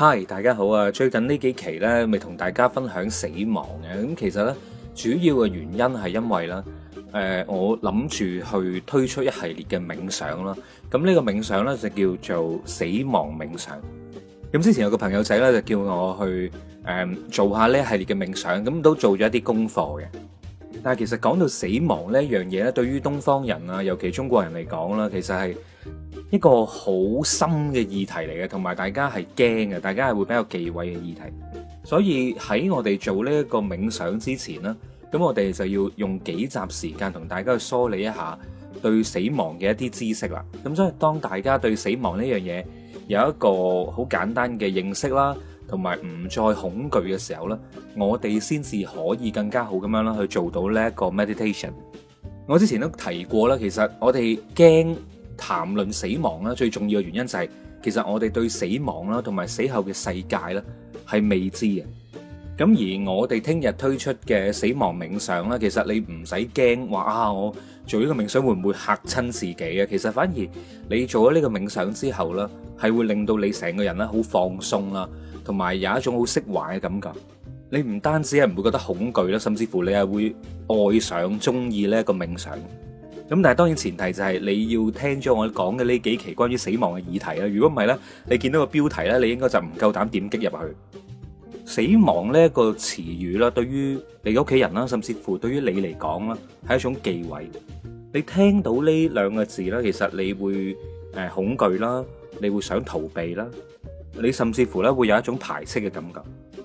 嗨，大家好啊！最近呢幾期呢，咪同大家分享死亡嘅。咁其實呢主要嘅原因係因為啦，誒，我諗住去推出一系列嘅冥想啦。咁呢個冥想呢就叫做死亡冥想。咁之前有個朋友仔呢就叫我去誒做下呢一系列嘅冥想，咁都做咗一啲功課嘅。但係其實講到死亡呢樣嘢呢，對於東方人啊，尤其中國人嚟講啦，其實係。一個好深嘅議題嚟嘅，同埋大家係驚嘅，大家係會比較忌諱嘅議題。所以喺我哋做呢一個冥想之前呢，咁我哋就要用幾集時間同大家去梳理一下對死亡嘅一啲知識啦。咁所以當大家對死亡呢樣嘢有一個好簡單嘅認識啦，同埋唔再恐懼嘅時候呢，我哋先至可以更加好咁樣啦去做到呢一個 meditation。我之前都提過啦，其實我哋驚。談論死亡最重要嘅原因就係，其實我哋對死亡同埋死後嘅世界係未知嘅。咁但係當然前提就係你要聽咗我講嘅呢幾期關於死亡嘅議題啦。如果唔係咧，你見到個標題咧，你應該就唔夠膽點擊入去。死亡呢個詞語啦，對於你嘅屋企人啦，甚至乎對於你嚟講啦，係一種忌諱。你聽到呢兩個字咧，其實你會誒恐懼啦，你會想逃避啦，你甚至乎咧會有一種排斥嘅感覺。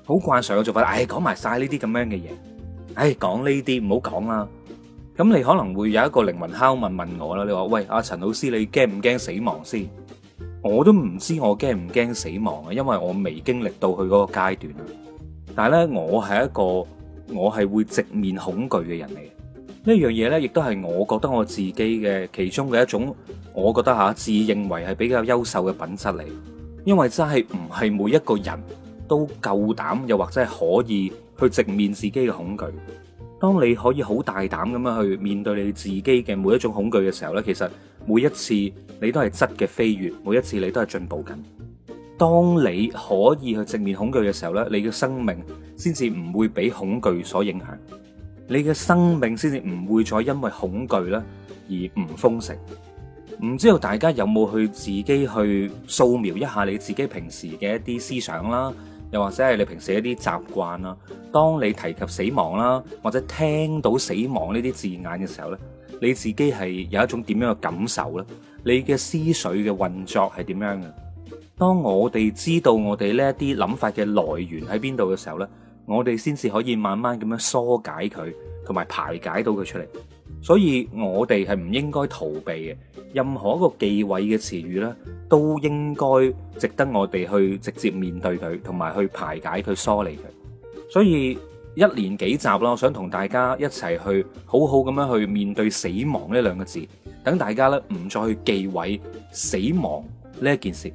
好慣常嘅做法，誒講埋晒呢啲咁樣嘅嘢，誒講呢啲唔好講啦。咁你可能會有一個靈魂拷問，問問我啦，你話喂阿、啊、陳老師你驚唔驚死亡先？我都唔知我驚唔驚死亡啊，因為我未經歷到佢嗰個階段。但係咧，我係一個我係會直面恐懼嘅人嚟。呢樣嘢呢，亦都係我覺得我自己嘅其中嘅一種，我覺得吓、啊、自認為係比較優秀嘅品質嚟。因為真係唔係每一個人都夠膽，又或者係可以去直面自己嘅恐懼。當你可以好大膽咁樣去面對你自己嘅每一種恐懼嘅時候呢，其實每一次你都係質嘅飛躍，每一次你都係進步緊。當你可以去直面恐懼嘅時候呢，你嘅生命先至唔會俾恐懼所影響，你嘅生命先至唔會再因為恐懼咧而唔豐盛。唔知道大家有冇去自己去掃描一下你自己平時嘅一啲思想啦？又或者係你平時一啲習慣啦，當你提及死亡啦，或者聽到死亡呢啲字眼嘅時候咧，你自己係有一種點樣嘅感受呢？你嘅思緒嘅運作係點樣嘅？當我哋知道我哋呢一啲諗法嘅來源喺邊度嘅時候呢，我哋先至可以慢慢咁樣疏解佢，同埋排解到佢出嚟。所以我哋係唔應該逃避嘅，任何一個忌諱嘅詞語呢，都應該值得我哋去直接面對佢，同埋去排解佢、梳理佢。所以一年幾集啦，我想同大家一齊去好好咁樣去面對死亡呢兩個字，等大家呢，唔再去忌諱死亡呢一件事。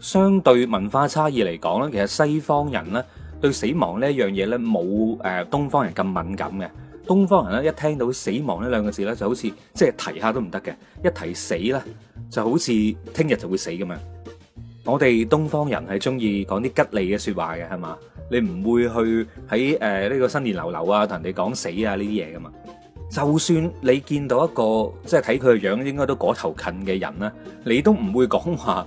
相對文化差異嚟講呢，其實西方人呢對死亡呢一樣嘢呢，冇誒、呃、東方人咁敏感嘅。東方人咧，一聽到死亡呢兩個字咧，就好似即係提下都唔得嘅，一提死呢，就好似聽日就會死咁樣。我哋東方人係中意講啲吉利嘅說話嘅，係嘛？你唔會去喺誒呢個新年流流啊，同人哋講死啊呢啲嘢噶嘛？就算你見到一個即係睇佢嘅樣，應該都嗰頭近嘅人啦，你都唔會講話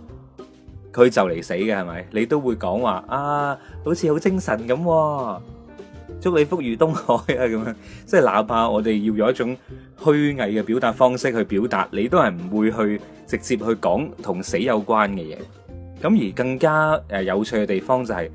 佢就嚟死嘅係咪？你都會講話啊，好似好精神咁，啊。祝你福如東海啊！咁樣，即係哪怕我哋要有一種虛偽嘅表達方式去表達，你都係唔會去直接去講同死有關嘅嘢。咁而更加誒有趣嘅地方就係、是。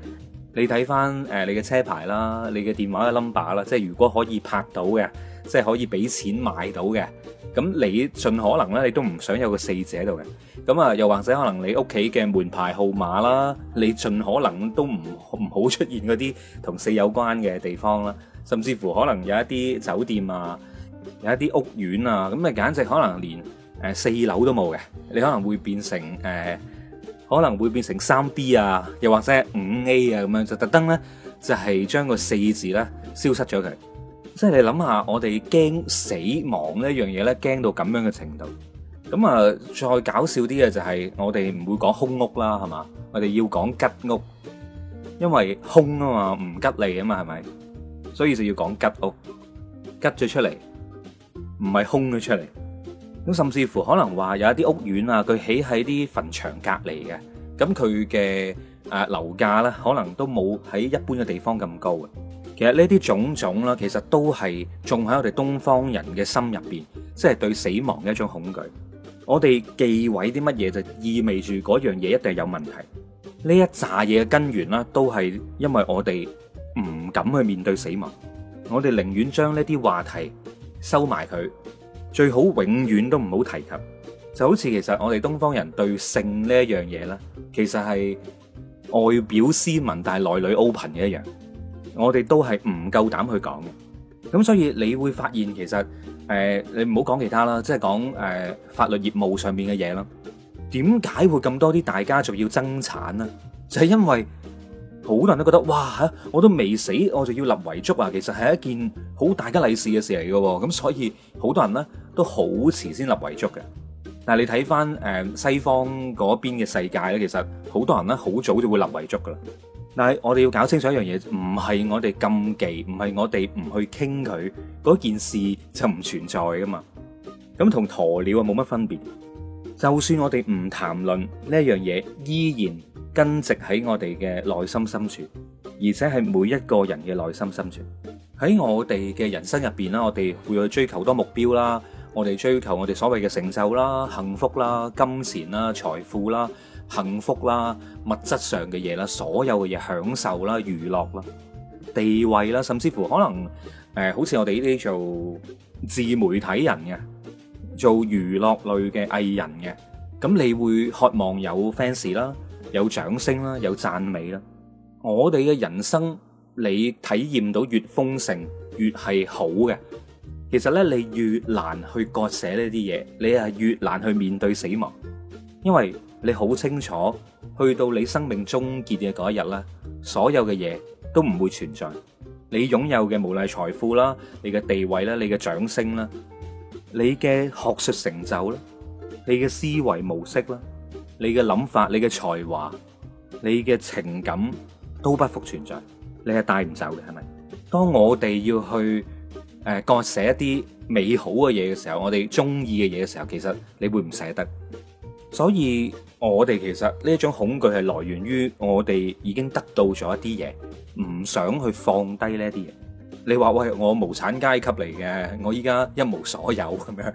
你睇翻誒你嘅車牌啦，你嘅電話嘅 number 啦，即係如果可以拍到嘅，即係可以俾錢買到嘅，咁你盡可能咧，你都唔想有個四字喺度嘅。咁啊，又或者可能你屋企嘅門牌號碼啦，你盡可能都唔唔好出現嗰啲同四有關嘅地方啦。甚至乎可能有一啲酒店啊，有一啲屋苑啊，咁啊簡直可能連四樓都冇嘅，你可能會變成誒。呃可能會變成三 B 啊，又或者五 A 啊，咁樣就特登咧就係將個四字咧消失咗佢。即係你諗下，我哋驚死亡呢樣嘢咧，驚到咁樣嘅程度。咁啊，再搞笑啲嘅就係我哋唔會講空屋啦，係嘛，我哋要講吉屋，因為空啊嘛，唔吉利啊嘛，係咪？所以就要講吉屋，吉咗出嚟，唔係空咗出嚟。咁甚至乎可能話有一啲屋苑啊，佢起喺啲墳場隔籬嘅，咁佢嘅誒樓價咧，可能都冇喺一般嘅地方咁高嘅。其實呢啲種種啦，其實都係種喺我哋東方人嘅心入邊，即係對死亡嘅一種恐懼。我哋忌諱啲乜嘢，就意味住嗰樣嘢一定係有問題。呢一紮嘢嘅根源啦，都係因為我哋唔敢去面對死亡，我哋寧願將呢啲話題收埋佢。最好永遠都唔好提及，就好似其實我哋東方人對性呢一樣嘢咧，其實係外表斯文但係內裏 open 嘅一樣，我哋都係唔夠膽去講嘅。咁所以你會發現其實誒、呃，你唔好講其他啦，即係講誒法律業務上面嘅嘢啦，點解會咁多啲大家族要爭產呢？就係、是、因為。好多人都覺得哇嚇，我都未死，我就要立遺囑啊！其實係一件好大嘅利事嘅事嚟嘅，咁所以好多人咧都好遲先立遺囑嘅。但係你睇返誒西方嗰邊嘅世界咧，其實好多人咧好早就會立遺囑噶啦。但係我哋要搞清楚一樣嘢，唔係我哋禁忌，唔係我哋唔去傾佢嗰件事就唔存在噶嘛。咁同鴕鳥啊冇乜分別。就算我哋唔談論呢一樣嘢，依然根植喺我哋嘅內心深處，而且係每一個人嘅內心深處。喺我哋嘅人生入邊啦，我哋會去追求多目標啦，我哋追求我哋所謂嘅成就啦、幸福啦、金錢啦、財富啦、幸福啦、物質上嘅嘢啦、所有嘅嘢享受啦、娛樂啦、地位啦，甚至乎可能誒，好似我哋呢啲做自媒體人嘅。做娛樂類嘅藝人嘅，咁你會渴望有 fans 啦，有掌聲啦，有讚美啦。我哋嘅人生，你體驗到越豐盛，越係好嘅。其實呢，你越難去割捨呢啲嘢，你係越難去面對死亡，因為你好清楚，去到你生命終結嘅嗰一日啦，所有嘅嘢都唔會存在。你擁有嘅無論係財富啦，你嘅地位啦，你嘅掌聲啦。你嘅學術成就咧，你嘅思維模式啦，你嘅諗法，你嘅才華，你嘅情感都不復存在，你係帶唔走嘅係咪？當我哋要去誒割捨一啲美好嘅嘢嘅時候，我哋中意嘅嘢嘅時候，其實你會唔捨得。所以我哋其實呢一種恐懼係來源於我哋已經得到咗一啲嘢，唔想去放低呢啲嘢。你話喂，我無產階級嚟嘅，我依家一無所有咁樣，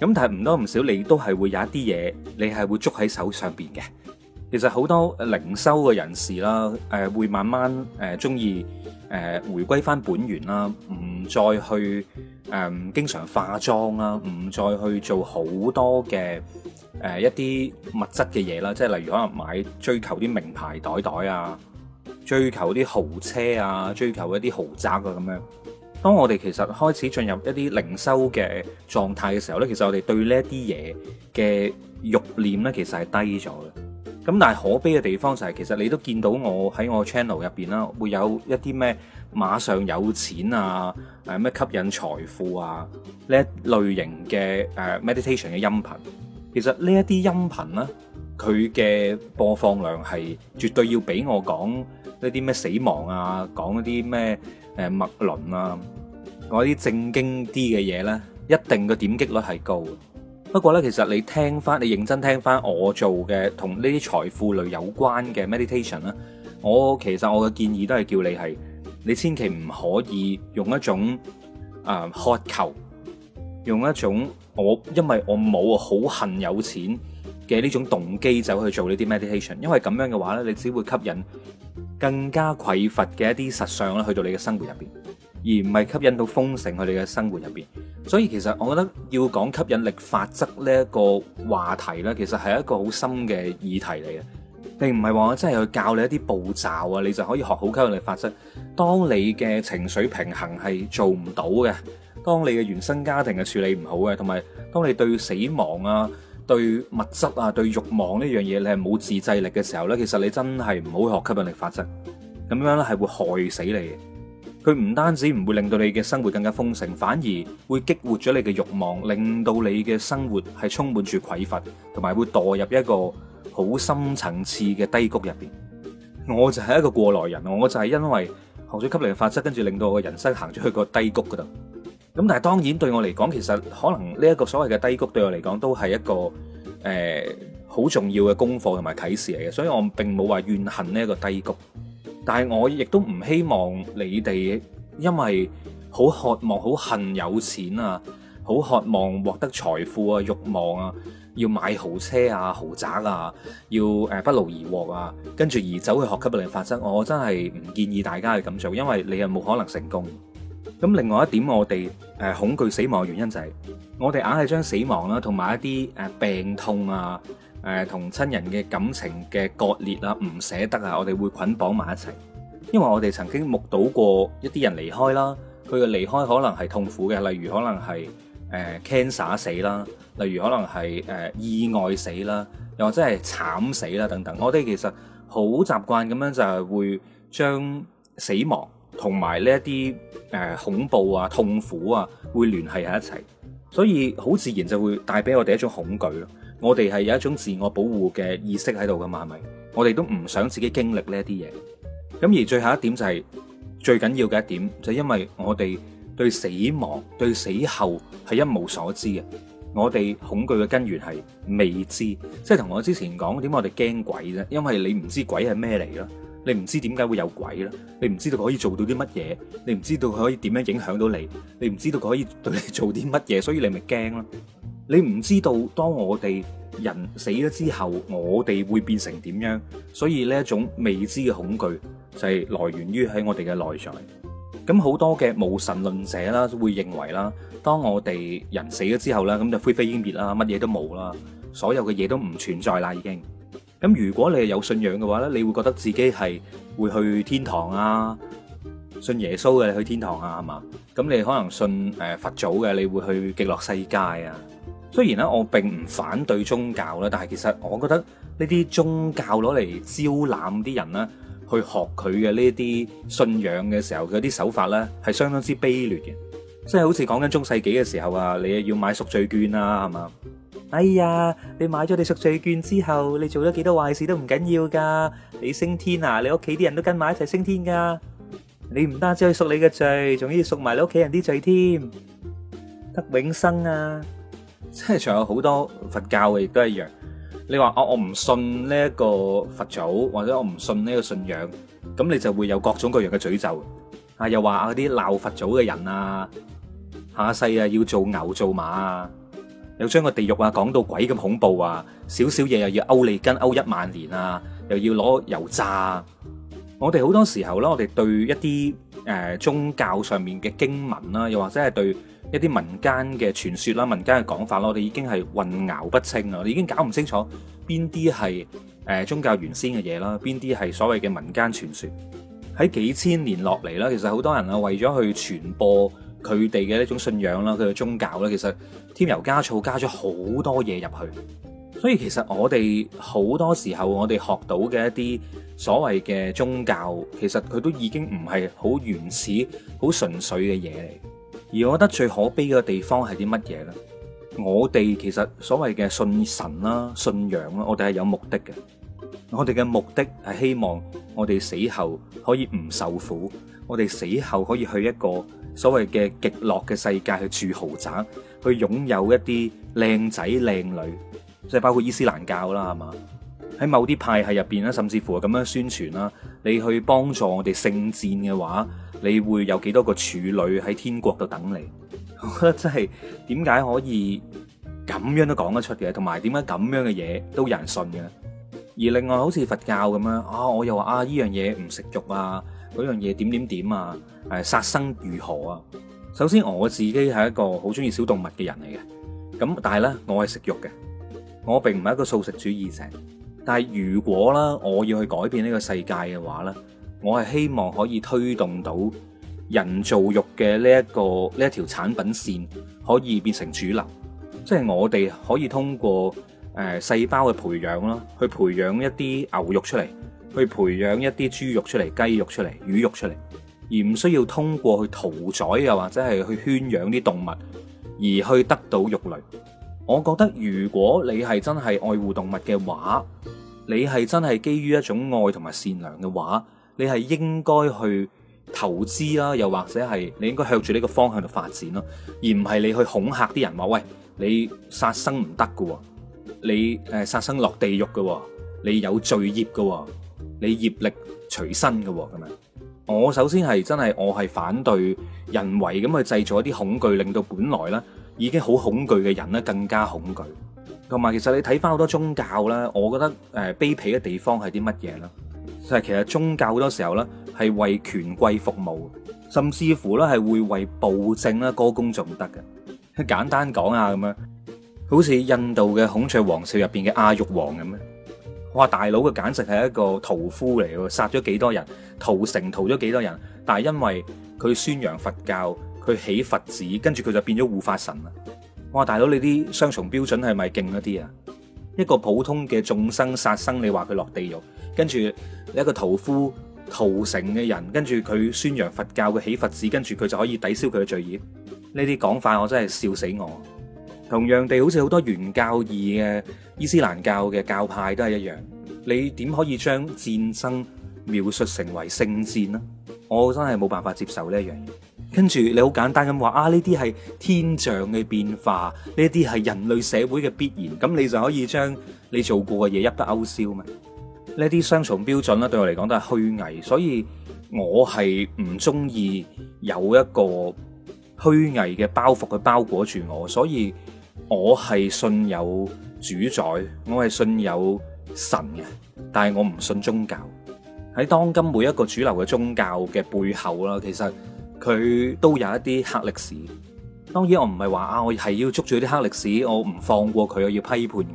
咁但係唔多唔少，你都係會有一啲嘢，你係會捉喺手上邊嘅。其實好多靈修嘅人士啦，誒會慢慢誒中意誒回歸返本源啦，唔再去誒經常化妝啦，唔再去做好多嘅誒一啲物質嘅嘢啦，即係例如可能買追求啲名牌袋袋啊，追求啲豪車啊，追求一啲豪宅啊，咁樣。當我哋其實開始進入一啲靈修嘅狀態嘅時候呢，其實我哋對呢一啲嘢嘅慾念呢，其實係低咗嘅。咁但係可悲嘅地方就係、是，其實你都見到我喺我 channel 入邊啦，會有一啲咩馬上有錢啊，誒、啊、咩吸引財富啊呢一類型嘅 meditation 嘅音頻。其實呢一啲音頻呢。佢嘅播放量係絕對要比我講一啲咩死亡啊，講一啲咩誒麥倫啊，嗰啲正經啲嘅嘢呢，一定嘅點擊率係高。不過呢，其實你聽翻，你認真聽翻我做嘅同呢啲財富類有關嘅 meditation 咧，我其實我嘅建議都係叫你係，你千祈唔可以用一種啊、呃、渴求，用一種我因為我冇好恨有錢。嘅呢種動機走去做呢啲 meditation，因為咁樣嘅話咧，你只會吸引更加匱乏嘅一啲實相啦，去到你嘅生活入邊，而唔係吸引到豐盛去你嘅生活入邊。所以其實我覺得要講吸引力法則呢一個話題咧，其實係一個好深嘅議題嚟嘅，並唔係話我真係去教你一啲步驟啊，你就可以學好吸引力法則。當你嘅情緒平衡係做唔到嘅，當你嘅原生家庭係處理唔好嘅，同埋當你對死亡啊，對物質啊，對欲望呢樣嘢，你係冇自制力嘅時候呢，其實你真係唔好學吸引力法則，咁樣呢係會害死你的。佢唔單止唔會令到你嘅生活更加豐盛，反而會激活咗你嘅欲望，令到你嘅生活係充滿住匱乏，同埋會墮入一個好深層次嘅低谷入邊。我就係一個過來人，我就係因為學咗吸引力法則，跟住令到我嘅人生行咗去個低谷嗰度。咁但係當然對我嚟講，其實可能呢一個所謂嘅低谷對我嚟講都係一個誒好重要嘅功課同埋啟示嚟嘅，所以我並冇話怨恨呢一個低谷。但係我亦都唔希望你哋因為好渴望、好恨有錢啊，好渴望獲得財富啊、慾望啊，要買豪車啊、豪宅啊，要誒不勞而獲啊，跟住而走去學吸引力法則，我真係唔建議大家係咁做，因為你係冇可能成功。咁另外一點，我哋誒恐懼死亡嘅原因就係我哋硬係將死亡啦，同埋一啲誒病痛啊、誒同親人嘅感情嘅割裂啊、唔捨得啊，我哋會捆綁埋一齊。因為我哋曾經目睹過一啲人離開啦，佢嘅離開可能係痛苦嘅，例如可能係誒 cancer 死啦，例如可能係誒意外死啦，又或者係慘死啦等等。我哋其實好習慣咁樣就係會將死亡同埋呢一啲、呃、恐怖啊、痛苦啊，會聯繫喺一齊，所以好自然就會帶俾我哋一種恐懼咯。我哋係有一種自我保護嘅意識喺度噶嘛，係咪？我哋都唔想自己經歷呢一啲嘢。咁而最後一點就係、係、最緊要嘅一點，就係、因為我哋對死亡、對死後係一無所知嘅。我哋恐懼嘅根源係未知，即係同我之前講點解我哋驚鬼啫？因為你唔知鬼係咩嚟咯。你唔知點解會有鬼啦，你唔知道佢可以做到啲乜嘢，你唔知道佢可以點樣影響到你，你唔知道佢可以對你做啲乜嘢，所以你咪驚咯。你唔知道當我哋人死咗之後，我哋會變成點樣，所以呢一種未知嘅恐懼就係來源於喺我哋嘅內在。咁好多嘅無神論者啦，會認為啦，當我哋人死咗之後啦，咁就灰飛煙滅啦，乜嘢都冇啦，所有嘅嘢都唔存在啦，已經。咁如果你係有信仰嘅話呢，你會覺得自己係會去天堂啊，信耶穌嘅去天堂啊，係嘛？咁你可能信誒佛祖嘅，你會去極樂世界啊。雖然呢，我並唔反對宗教啦，但係其實我覺得呢啲宗教攞嚟招攬啲人呢，去學佢嘅呢啲信仰嘅時候，佢啲手法呢係相當之卑劣嘅，即係好似講緊中世紀嘅時候啊，你要買贖罪券啦，係嘛？哎呀，你買咗你贖罪券之後，你做咗幾多壞事都唔緊要噶。你升天啊，你屋企啲人都跟埋一齊升天噶。你唔單止可以贖你嘅罪，仲要贖埋你屋企人啲罪添，得永生啊！即係仲有好多佛教亦都一樣。你話我唔信呢一個佛祖，或者我唔信呢個信仰，咁你就會有各種各樣嘅詛咒啊！又話啊啲鬧佛祖嘅人啊，下一世啊要做牛做馬啊！又將個地獄啊講到鬼咁恐怖啊！少少嘢又要勾脷根勾一萬年啊！又要攞油炸。我哋好多時候咧，我哋對一啲誒宗教上面嘅經文啦，又或者係對一啲民間嘅傳說啦、民間嘅講法啦，我哋已經係混淆不清啊！我哋已經搞唔清楚邊啲係誒宗教原先嘅嘢啦，邊啲係所謂嘅民間傳說。喺幾千年落嚟啦，其實好多人啊為咗去傳播。佢哋嘅一種信仰啦，佢嘅宗教啦，其實添油加醋加咗好多嘢入去，所以其實我哋好多時候，我哋學到嘅一啲所謂嘅宗教，其實佢都已經唔係好原始、好純粹嘅嘢嚟。而我覺得最可悲嘅地方係啲乜嘢呢？我哋其實所謂嘅信神啦、信仰啦，我哋係有目的嘅。我哋嘅目的係希望我哋死後可以唔受苦，我哋死後可以去一個。所謂嘅極樂嘅世界去住豪宅，去擁有一啲靚仔靚女，即係包括伊斯蘭教啦，係嘛？喺某啲派系入邊啦，甚至乎係咁樣宣傳啦，你去幫助我哋聖戰嘅話，你會有幾多個處女喺天國度等你？我覺得真係點解可以咁樣都講得出嘅，同埋點解咁樣嘅嘢都有人信嘅？而另外好似佛教咁樣啊，我又話啊依樣嘢唔食肉啊。嗰樣嘢點點點啊！誒，殺生如何啊？首先我自己係一個好中意小動物嘅人嚟嘅，咁但係呢，我係食肉嘅，我並唔係一個素食主義者。但係如果呢我要去改變呢個世界嘅話呢，我係希望可以推動到人造肉嘅呢一個呢條產品線可以變成主流，即係我哋可以通過誒細胞嘅培養啦，去培養一啲牛肉出嚟。去培養一啲豬肉出嚟、雞肉出嚟、魚肉出嚟，而唔需要通過去屠宰又或者係去圈養啲動物而去得到肉類。我覺得如果你係真係愛護動物嘅話，你係真係基於一種愛同埋善良嘅話，你係應該去投資啦，又或者係你應該向住呢個方向度發展咯，而唔係你去恐嚇啲人話喂，你殺生唔得㗎，你誒殺生落地獄㗎，你有罪孽㗎。你業力隨身嘅喎、哦，咁樣。我首先係真係我係反對人為咁去製造一啲恐懼，令到本來咧已經好恐懼嘅人咧更加恐懼。同埋其實你睇翻好多宗教啦，我覺得誒卑鄙嘅地方係啲乜嘢咧？就係、其實宗教好多時候咧係為權貴服務，甚至乎咧係會為暴政啦歌功頌德嘅。簡單講下咁樣，好似印度嘅孔雀王朝入面嘅阿育王咁樣。我話大佬佢簡直係一個屠夫嚟嘅，殺咗幾多人，屠城屠咗幾多人，但係因為佢宣揚佛教，佢起佛寺，跟住佢就變咗護法神啦。哇，大佬你啲雙重標準係咪勁一啲啊？一個普通嘅眾生殺生，你話佢落地獄，跟住一個屠夫屠城嘅人，跟住佢宣揚佛教，佢起佛寺，跟住佢就可以抵消佢嘅罪孽？呢啲講法我真係笑死我！同樣地，好似好多原教義嘅伊斯蘭教嘅教派都係一樣，你點可以將戰爭描述成為聖戰呢？我真係冇辦法接受呢一樣嘢。跟住你好簡單咁話啊，呢啲係天象嘅變化，呢啲係人類社會嘅必然，咁你就可以將你做過嘅嘢一筆勾銷咩？呢啲雙重標準啦，對我嚟講都係虛偽，所以我係唔中意有一個虛偽嘅包袱去包裹住我，所以。我係信有主宰，我係信有神嘅，但係我唔信宗教。喺當今每一個主流嘅宗教嘅背後啦，其實佢都有一啲黑歷史。當然我不是說，我唔係話啊，我係要捉住啲黑歷史，我唔放過佢，我要批判佢。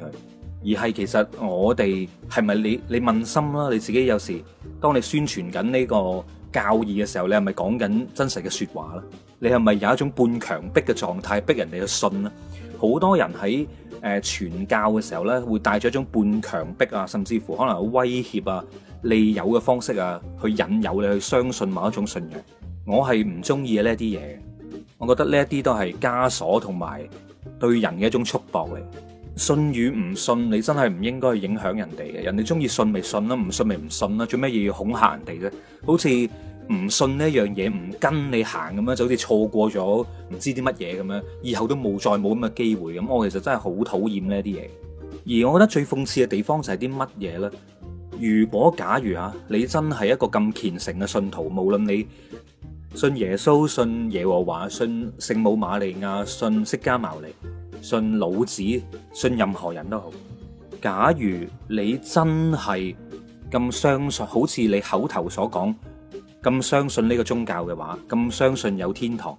而係其實我哋係咪你你問心啦？你自己有時當你宣傳緊呢個教義嘅時候，你係咪講緊真實嘅說話啦？你係咪有一種半強迫嘅狀態逼人哋去信呢？好多人喺誒、呃、傳教嘅時候呢，會帶咗一種半強迫啊，甚至乎可能有威脅啊、利誘嘅方式啊，去引誘你去相信某一種信仰。我係唔中意呢啲嘢，我覺得呢一啲都係枷鎖同埋對人嘅一種束縛嚟。信與唔信，你真係唔應該去影響人哋嘅。人哋中意信咪信啦，唔信咪唔信啦。做咩嘢要恐嚇人哋啫？好似～唔信呢樣嘢，唔跟你行咁樣，就好似錯過咗唔知啲乜嘢咁樣，以後都冇再冇咁嘅機會。咁我其實真係好討厭呢啲嘢。而我覺得最諷刺嘅地方就係啲乜嘢咧？如果假如啊，你真係一個咁虔誠嘅信徒，無論你信耶穌、信耶和華、信聖母瑪利亞、信釋迦牟尼、信老子、信任何人都好。假如你真係咁相信，好似你口頭所講。咁相信呢個宗教嘅話，咁相信有天堂，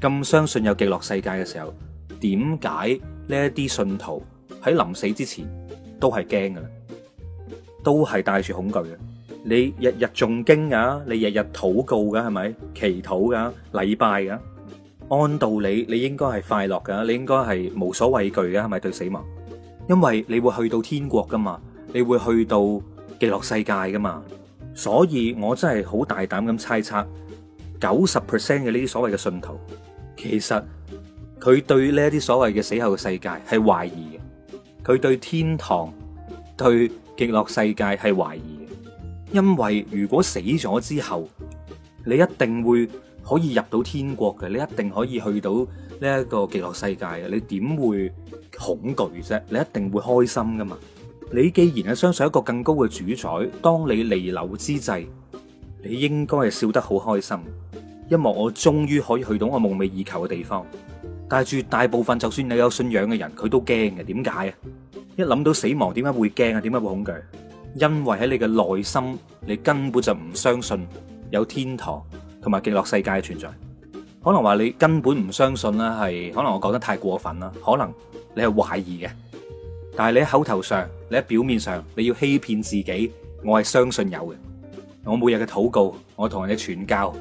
咁相信有極樂世界嘅時候，點解呢一啲信徒喺臨死之前都係驚噶啦，都係帶住恐懼嘅？你日日誦經噶，你日日禱告噶，係咪？祈禱噶，禮拜噶，按道理你應該係快樂噶，你應該係無所畏懼噶，係咪？對死亡，因為你會去到天國噶嘛，你會去到極樂世界噶嘛。所以我真係好大膽咁猜測，九十 percent 嘅呢啲所謂嘅信徒，其實佢對呢一啲所謂嘅死後嘅世界係懷疑嘅，佢對天堂、對極樂世界係懷疑嘅。因為如果死咗之後，你一定會可以入到天國嘅，你一定可以去到呢一個極樂世界嘅，你點會恐懼啫？你一定會開心㗎嘛？你既然係相信一個更高嘅主宰，當你彌留之際，你應該係笑得好開心，因為我終於可以去到我夢寐以求嘅地方。但係絕大部分，就算你有信仰嘅人，佢都驚嘅。點解啊？一諗到死亡，點解會驚啊？點解會恐懼？因為喺你嘅內心，你根本就唔相信有天堂同埋極樂世界的存在。可能話你根本唔相信啦，係可能我講得太過分啦。可能你係懷疑嘅。但係你喺口頭上，你喺表面上，你要欺騙自己。我係相信有嘅。我每日嘅禱告，我同人哋傳教，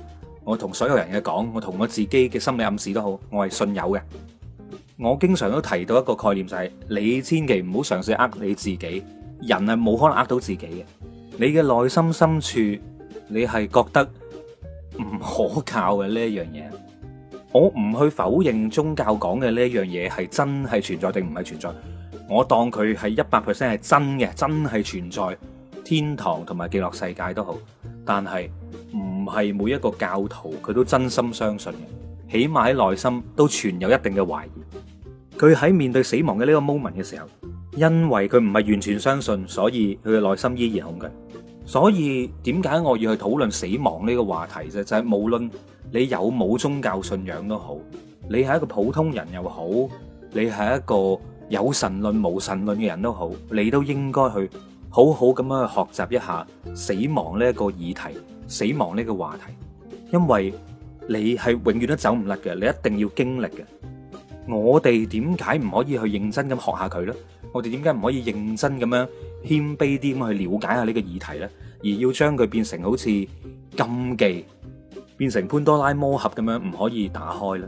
我同所有人嘅講，我同我自己嘅心理暗示都好，我係信有嘅。我經常都提到一個概念，就係、是、你千祈唔好嘗試呃你自己。人係冇可能呃到自己嘅。你嘅內心深處，你係覺得唔可靠嘅呢一樣嘢。我唔去否認宗教講嘅呢一樣嘢係真係存在定唔係存在。我當佢係一百 percent 係真嘅，真係存在天堂同埋極樂世界都好，但係唔係每一個教徒佢都真心相信嘅，起碼喺內心都存有一定嘅懷疑。佢喺面對死亡嘅呢個 moment 嘅時候，因為佢唔係完全相信，所以佢嘅內心依然恐懼。所以點解我要去討論死亡呢個話題啫？就係無論你有冇宗教信仰都好，你係一個普通人又好，你係一個。有神論、無神論嘅人都好，你都應該去好好咁樣去學習一下死亡呢個議題、死亡呢個話題，因為你係永遠都走唔甩嘅，你一定要經歷嘅。我哋點解唔可以去認真咁學下佢呢？我哋點解唔可以認真咁樣謙卑啲咁去了解下呢個議題呢？而要將佢變成好似禁忌，變成潘多拉魔盒咁樣唔可以打開咧？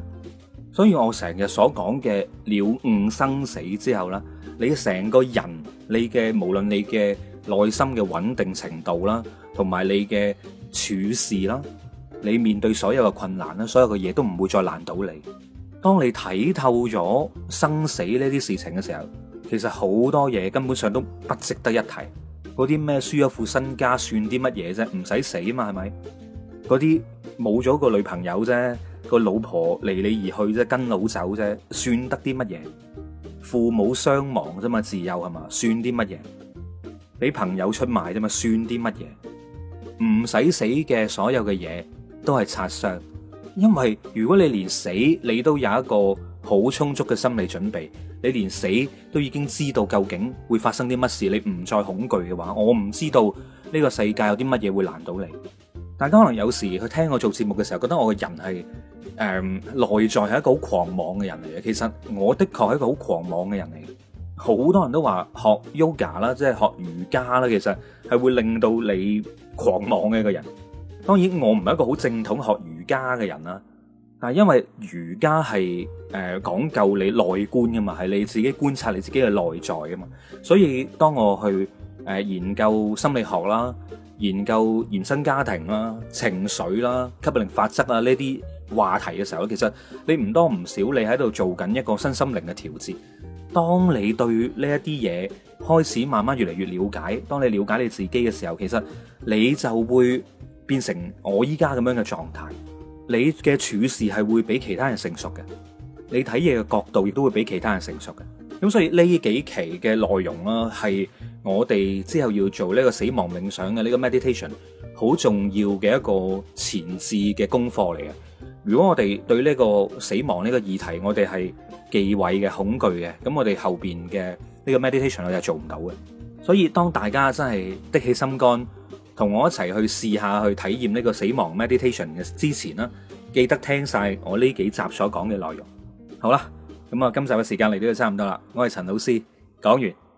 所以我成日所講嘅了悟生死之後咧，你成個人你嘅無論你嘅內心嘅穩定程度啦，同埋你嘅處事啦，你面對所有嘅困難啦，所有嘅嘢都唔會再難到你。當你睇透咗生死呢啲事情嘅時候，其實好多嘢根本上都不值得一提。嗰啲咩輸咗副身家算啲乜嘢啫？唔使死啊嘛，係咪？嗰啲冇咗個女朋友啫。個老婆離你而去啫，跟老走啫，算得啲乜嘢？父母雙亡啫嘛，自幼係嘛，算啲乜嘢？俾朋友出賣啫嘛，算啲乜嘢？唔使死嘅，所有嘅嘢都係擦傷，因為如果你連死你都有一個好充足嘅心理準備，你連死都已經知道究竟會發生啲乜事，你唔再恐懼嘅話，我唔知道呢個世界有啲乜嘢會難到你。大家可能有時去聽我做節目嘅時候，覺得我個人係。誒、um,，內在係一個好狂妄嘅人嚟嘅。其實我的確係一個好狂妄嘅人嚟嘅。好多人都話學 yoga 啦，即係學瑜伽啦，其實係會令到你狂妄嘅一個人。當然我唔係一個好正統學瑜伽嘅人啦。但係因為瑜伽係誒、呃、講究你內觀噶嘛，係你自己觀察你自己嘅內在噶嘛。所以當我去誒、呃、研究心理學啦，研究原生家庭啦、情緒啦、吸引力法則啊呢啲。這些話題嘅時候，其實你唔多唔少，你喺度做緊一個身心靈嘅調節。當你對呢一啲嘢開始慢慢越嚟越了解，當你了解你自己嘅時候，其實你就會變成我依家咁樣嘅狀態。你嘅處事係會比其他人成熟嘅，你睇嘢嘅角度亦都會比其他人成熟嘅。咁、嗯、所以呢幾期嘅內容啦、啊，係我哋之後要做呢個死亡冥想嘅呢、這個 meditation 好重要嘅一個前置嘅功課嚟嘅。如果我哋對呢個死亡呢個議題，我哋係忌諱嘅、恐懼嘅，咁我哋後邊嘅呢個 meditation 我就做唔到嘅。所以當大家真係的得起心肝，同我一齊去試下去體驗呢個死亡 meditation 嘅之前啦，記得聽晒我呢幾集所講嘅內容。好啦，咁啊，今集嘅時間嚟到差唔多啦，我係陳老師，講完。